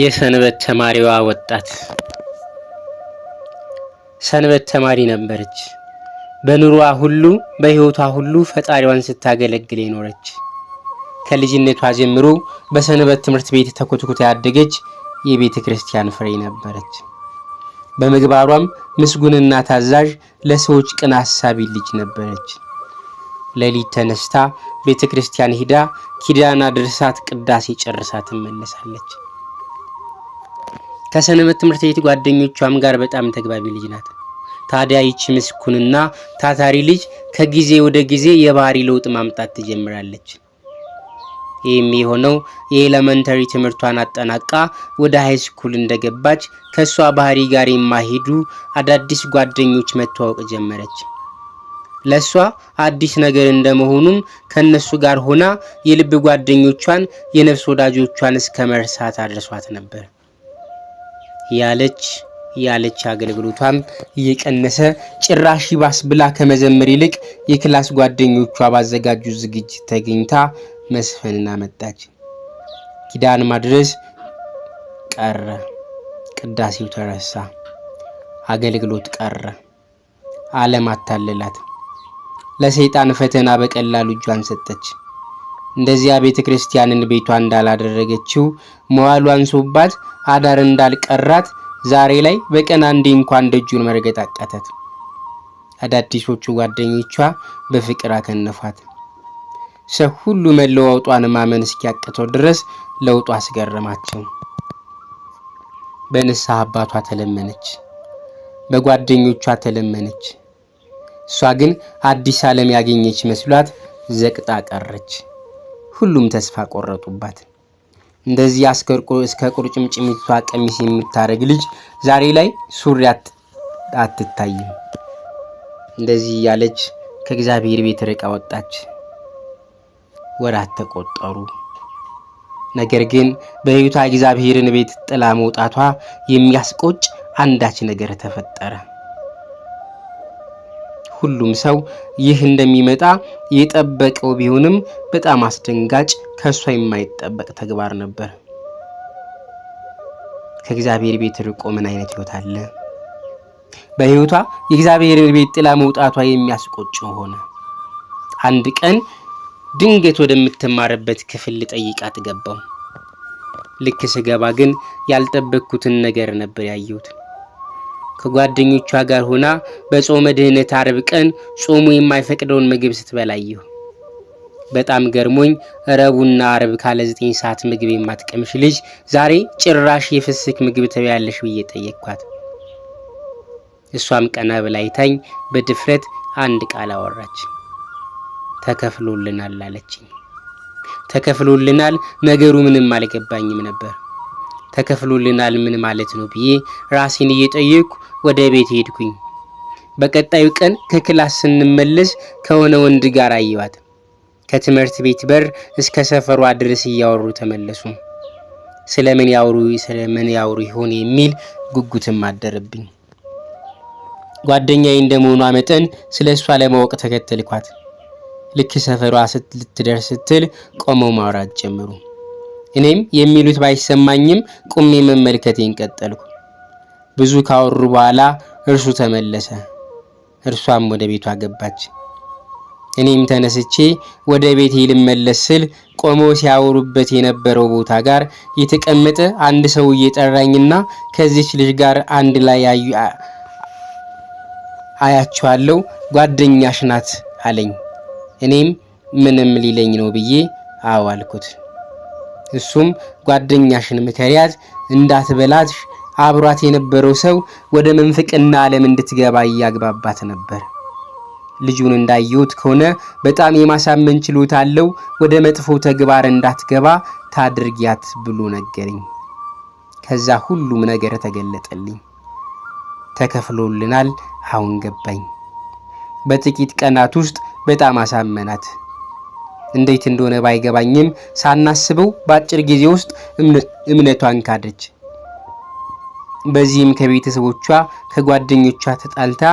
የሰንበት ተማሪዋ ወጣት ሰንበት ተማሪ ነበረች። በኑሯ ሁሉ በህይወቷ ሁሉ ፈጣሪዋን ስታገለግል የኖረች ከልጅነቷ ጀምሮ በሰንበት ትምህርት ቤት ተኮትኩታ ያደገች የቤተ ክርስቲያን ፍሬ ነበረች። በምግባሯም ምስጉንና ታዛዥ፣ ለሰዎች ቅን አሳቢ ልጅ ነበረች። ሌሊት ተነስታ ቤተ ክርስቲያን ሂዳ ኪዳና ድርሳት ቅዳሴ ጨርሳ ትመለሳለች። ከሰንበት ትምህርት ቤት ጓደኞቿም ጋር በጣም ተግባቢ ልጅ ናት። ታዲያ ይቺ ምስኩንና ታታሪ ልጅ ከጊዜ ወደ ጊዜ የባህሪ ለውጥ ማምጣት ትጀምራለች። ይህም የሆነው የኤለመንተሪ ትምህርቷን አጠናቃ ወደ ሃይስኩል እንደገባች ከእሷ ባህሪ ጋር የማይሄዱ አዳዲስ ጓደኞች መተዋወቅ ጀመረች። ለእሷ አዲስ ነገር እንደመሆኑም ከእነሱ ጋር ሆና የልብ ጓደኞቿን የነፍስ ወዳጆቿን እስከ መርሳት አድርሷት ነበር። ያለች ያለች አገልግሎቷም እየቀነሰ ጭራሽ ይባስ ብላ ከመዘመር ይልቅ የክላስ ጓደኞቿ ባዘጋጁ ዝግጅት ተገኝታ መስፈንን አመጣች። ኪዳን ማድረስ ቀረ፣ ቅዳሴው ተረሳ፣ አገልግሎት ቀረ። ዓለም አታለላት። ለሰይጣን ፈተና በቀላሉ እጇን ሰጠች። እንደዚያ ቤተ ክርስቲያንን ቤቷ እንዳላደረገችው መዋሉ አንሶባት አዳር እንዳልቀራት ዛሬ ላይ በቀን አንዴ እንኳን ደጁን መርገጥ አቃታት። አዳዲሶቹ ጓደኞቿ በፍቅር አከነፏት። ሰው ሁሉ መለዋወጧን ማመን እስኪያቅተው ድረስ ለውጡ አስገረማቸው። በንስሐ አባቷ ተለመነች፣ በጓደኞቿ ተለመነች። እሷ ግን አዲስ ዓለም ያገኘች መስሏት ዘቅጣ ቀረች። ሁሉም ተስፋ ቆረጡባት። እንደዚህ እስከ ቁርጭምጭሚቷ ቀሚስ የምታደርግ ልጅ ዛሬ ላይ ሱሪ አትታይም። እንደዚህ እያለች ከእግዚአብሔር ቤት ርቃ ወጣች። ወራት ተቆጠሩ። ነገር ግን በሕይወቷ እግዚአብሔርን ቤት ጥላ መውጣቷ የሚያስቆጭ አንዳች ነገር ተፈጠረ። ሁሉም ሰው ይህ እንደሚመጣ የጠበቀው ቢሆንም በጣም አስደንጋጭ ከእሷ የማይጠበቅ ተግባር ነበር። ከእግዚአብሔር ቤት ርቆ ምን አይነት ህይወት አለ? በህይወቷ የእግዚአብሔር ቤት ጥላ መውጣቷ የሚያስቆጭ ሆነ። አንድ ቀን ድንገት ወደምትማርበት ክፍል ልጠይቃት ገባው። ልክ ስገባ ግን ያልጠበቅኩትን ነገር ነበር ያየሁት። ከጓደኞቿ ጋር ሆና በጾመ ድህነት አርብ ቀን ጾሙ የማይፈቅደውን ምግብ ስትበላየሁ በጣም ገርሞኝ ረቡና አርብ ካለ ዘጠኝ ሰዓት ምግብ የማትቀምሽ ልጅ ዛሬ ጭራሽ የፍስክ ምግብ ትበያለሽ ብዬ ጠየቅኳት። እሷም ቀና ብላ አይታኝ በድፍረት አንድ ቃል አወራች። ተከፍሎልናል አለችኝ። ተከፍሎልናል ነገሩ ምንም አልገባኝም ነበር። ተከፍሎልናል ምን ማለት ነው ብዬ ራሴን እየጠየቅኩ ወደ ቤት ሄድኩኝ። በቀጣዩ ቀን ከክላስ ስንመለስ ከሆነ ወንድ ጋር አየዋት። ከትምህርት ቤት በር እስከ ሰፈሯ ድረስ እያወሩ ተመለሱ። ስለምን ያወሩ ስለምን ያወሩ ይሆን የሚል ጉጉትም አደረብኝ። ጓደኛዬ እንደመሆኗ መጠን ስለ እሷ ለማወቅ ተከተልኳት። ልክ ሰፈሯ ልትደርስ ስትል ቆመው ማውራት ጀመሩ። እኔም የሚሉት ባይሰማኝም ቁሜ መመልከቴን ቀጠልኩ። ብዙ ካወሩ በኋላ እርሱ ተመለሰ። እርሷም ወደ ቤቷ ገባች። እኔም ተነስቼ ወደ ቤቴ ልመለስ ስል ቆሞ ሲያወሩበት የነበረው ቦታ ጋር የተቀመጠ አንድ ሰው እየጠራኝና ከዚች ልጅ ጋር አንድ ላይ አያችኋለሁ፣ ጓደኛሽ ናት አለኝ። እኔም ምንም ሊለኝ ነው ብዬ አዋልኩት። እሱም ጓደኛሽን ምከሪያት እንዳትበላትሽ፣ አብሯት የነበረው ሰው ወደ መንፍቅና ዓለም እንድትገባ እያግባባት ነበር። ልጁን እንዳየሁት ከሆነ በጣም የማሳመን ችሎታ አለው፣ ወደ መጥፎ ተግባር እንዳትገባ ታድርጊያት ብሎ ነገረኝ። ከዛ ሁሉም ነገር ተገለጠልኝ። ተከፍሎልናል። አሁን ገባኝ። በጥቂት ቀናት ውስጥ በጣም አሳመናት። እንዴት እንደሆነ ባይገባኝም ሳናስበው በአጭር ጊዜ ውስጥ እምነቷን ካደች። በዚህም ከቤተሰቦቿ ከጓደኞቿ ተጣልታ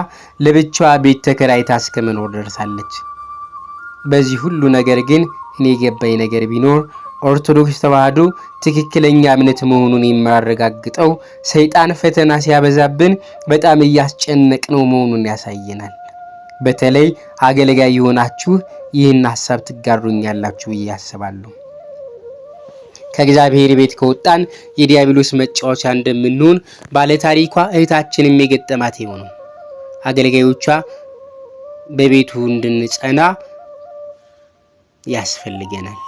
ለብቻዋ ቤት ተከራይታ እስከ መኖር ደርሳለች። በዚህ ሁሉ ነገር ግን እኔ የገባኝ ነገር ቢኖር ኦርቶዶክስ ተዋህዶ ትክክለኛ እምነት መሆኑን የሚያረጋግጠው ሰይጣን ፈተና ሲያበዛብን በጣም እያስጨነቅ ነው መሆኑን ያሳየናል። በተለይ አገልጋይ የሆናችሁ ይህን ሀሳብ ትጋሩኛላችሁ ብዬ አስባለሁ። ከእግዚአብሔር ቤት ከወጣን የዲያብሎስ መጫወቻ እንደምንሆን ባለታሪኳ እህታችንም የገጠማት የሆኑ አገልጋዮቿ በቤቱ እንድንጸና ያስፈልገናል።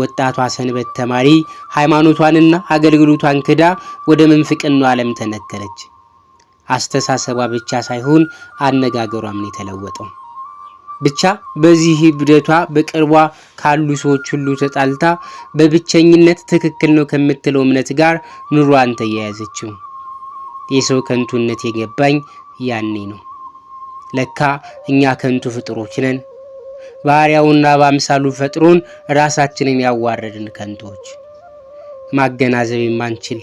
ወጣቷ ሰንበት ተማሪ ሃይማኖቷንና አገልግሎቷን ክዳ ወደ ምንፍቅናው ዓለም ተነተለች። አስተሳሰቧ ብቻ ሳይሆን አነጋገሯም የተለወጠው። ብቻ በዚህ ህብደቷ በቅርቧ ካሉ ሰዎች ሁሉ ተጣልታ በብቸኝነት ትክክል ነው ከምትለው እምነት ጋር ኑሯን ተያያዘችው። የሰው ከንቱነት የገባኝ ያኔ ነው። ለካ እኛ ከንቱ ፍጥሮች ነን። ባህሪያውና በአምሳሉ ፈጥሮን ራሳችንን ያዋረድን ከንቶች፣ ማገናዘብ የማንችል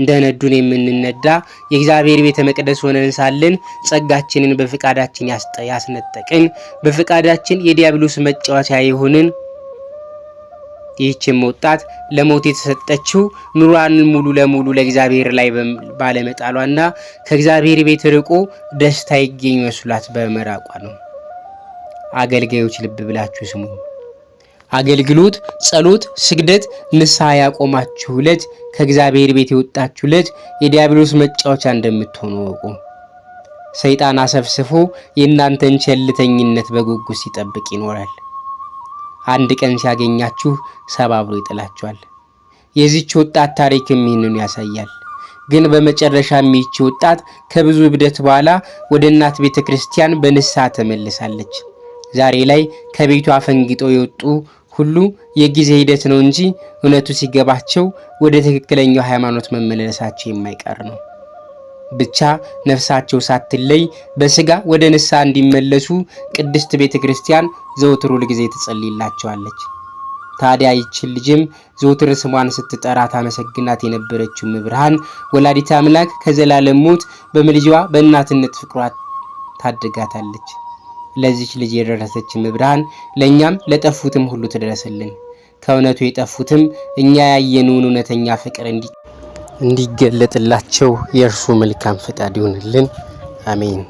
እንደነዱን የምንነዳ የእግዚአብሔር ቤተ መቅደስ ሆነን ሳለን ጸጋችንን በፍቃዳችን ያስነጠቅን በፍቃዳችን የዲያብሎስ መጫወቻ የሆንን ይህችም ወጣት ለሞት የተሰጠችው ኑሯን ሙሉ ለሙሉ ለእግዚአብሔር ላይ ባለመጣሏና ከእግዚአብሔር ቤት ርቆ ደስታ ይገኝ መስሏት በመራቋ ነው። አገልጋዮች ልብ ብላችሁ ስሙ። አገልግሎት፣ ጸሎት፣ ስግደት፣ ንስሐ ያቆማችሁ ዕለት ከእግዚአብሔር ቤት የወጣችሁ ዕለት የዲያብሎስ መጫወቻ እንደምትሆኑ ወቁ። ሰይጣን አሰፍስፎ የእናንተን ቸልተኝነት በጉጉት ሲጠብቅ ይኖራል። አንድ ቀን ሲያገኛችሁ ሰባብሮ ይጥላችኋል። የዚች ወጣት ታሪክም ይህንኑ ያሳያል። ግን በመጨረሻ ይህች ወጣት ከብዙ እብደት በኋላ ወደ እናት ቤተ ክርስቲያን በንስሐ ተመልሳለች። ዛሬ ላይ ከቤቷ አፈንግጠው የወጡ ሁሉ የጊዜ ሂደት ነው እንጂ እውነቱ ሲገባቸው ወደ ትክክለኛው ሃይማኖት መመለሳቸው የማይቀር ነው። ብቻ ነፍሳቸው ሳትለይ በስጋ ወደ ንስሐ እንዲመለሱ ቅድስት ቤተ ክርስቲያን ዘውትር ሁልጊዜ ትጸልይላቸዋለች። ታዲያ ይችን ልጅም ዘውትር ስሟን ስትጠራ ታመሰግናት የነበረችው ምብርሃን ወላዲት አምላክ ከዘላለም ሞት በምልጃዋ በእናትነት ፍቅሯ ታድጋታለች። ለዚች ልጅ የደረሰችም ብርሃን ለእኛም ለጠፉትም ሁሉ ትደረስልን። ከእውነቱ የጠፉትም እኛ ያየነውን እውነተኛ ፍቅር እንዲገለጥላቸው የእርሱ መልካም ፈቃድ ይሆንልን። አሜን።